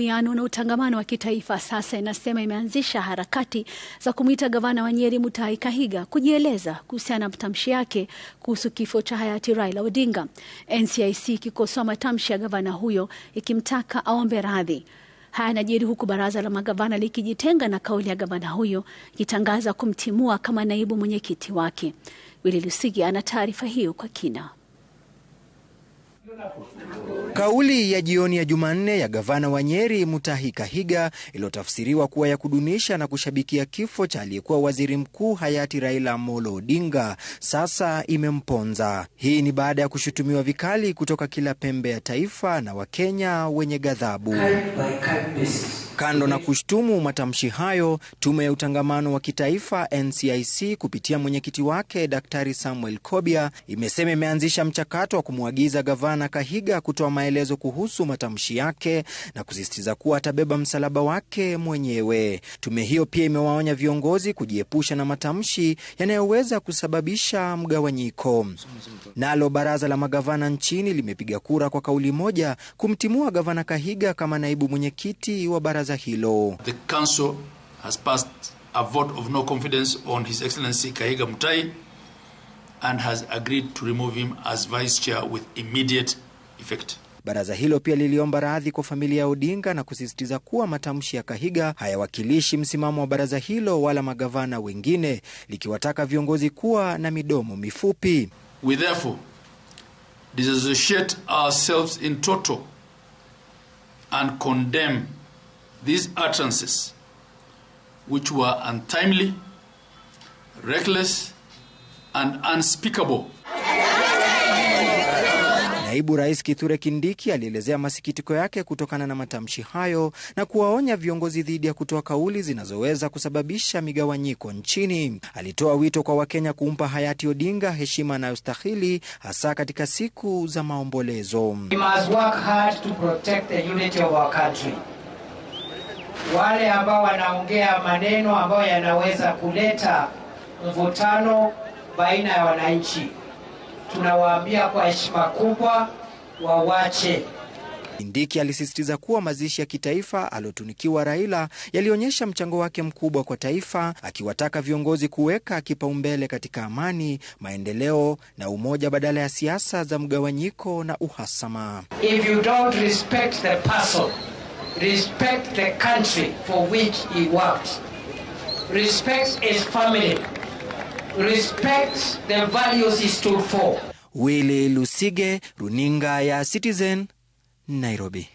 Uwiano na utangamano wa kitaifa sasa inasema imeanzisha harakati za kumwita gavana wa Nyeri Mutahi Kahiga kujieleza kuhusiana na matamshi yake kuhusu kifo cha hayati Raila Odinga, NCIC ikikosoa matamshi ya gavana huyo ikimtaka aombe radhi. Haya yanajiri huku baraza la magavana likijitenga na kauli ya gavana huyo ikitangaza kumtimua kama naibu mwenyekiti wake. Wili Lusigi ana taarifa hiyo kwa kina. Kauli ya jioni ya Jumanne ya gavana wa Nyeri Mutahi Kahiga iliyotafsiriwa kuwa ya kudunisha na kushabikia kifo cha aliyekuwa waziri mkuu hayati Raila Amolo Odinga sasa imemponza. Hii ni baada ya kushutumiwa vikali kutoka kila pembe ya taifa na Wakenya wenye ghadhabu. Kando na kushtumu matamshi hayo, tume ya utangamano wa kitaifa NCIC kupitia mwenyekiti wake Daktari Samuel Kobia imesema imeanzisha mchakato wa kumwagiza gavana Kahiga kutoa maelezo kuhusu matamshi yake na kusisitiza kuwa atabeba msalaba wake mwenyewe. Tume hiyo pia imewaonya viongozi kujiepusha na matamshi yanayoweza kusababisha mgawanyiko. Nalo baraza la magavana nchini limepiga kura kwa kauli moja kumtimua gavana Kahiga kama naibu mwenyekiti wa baraza baraza hilo. The council has passed a vote of no confidence on His Excellency Kahiga Mutai and has agreed to remove him as vice chair with immediate effect. Baraza hilo pia liliomba radhi kwa familia ya Odinga na kusisitiza kuwa matamshi ya Kahiga hayawakilishi msimamo wa baraza hilo wala magavana wengine, likiwataka viongozi kuwa na midomo mifupi. We therefore disassociate ourselves in total and condemn These utterances, which were untimely, reckless, and unspeakable. Naibu Rais Kithure Kindiki alielezea masikitiko yake kutokana na matamshi hayo na kuwaonya viongozi dhidi ya kutoa kauli zinazoweza kusababisha migawanyiko nchini. Alitoa wito kwa Wakenya kumpa hayati Odinga heshima anayostahili hasa katika siku za maombolezo. We must work hard to protect the unity of our country wale ambao wanaongea maneno ambayo yanaweza kuleta mvutano baina ya wananchi, tunawaambia kwa heshima kubwa wawache. indiki alisisitiza kuwa mazishi ya kitaifa aliotunikiwa Raila yalionyesha mchango wake mkubwa kwa taifa, akiwataka viongozi kuweka kipaumbele katika amani, maendeleo na umoja badala ya siasa za mgawanyiko na uhasama. If you don't respect the person, respect the country for which he worked, respect his family, respect the values he stood for. Willy Lusige, runinga ya Citizen, Nairobi.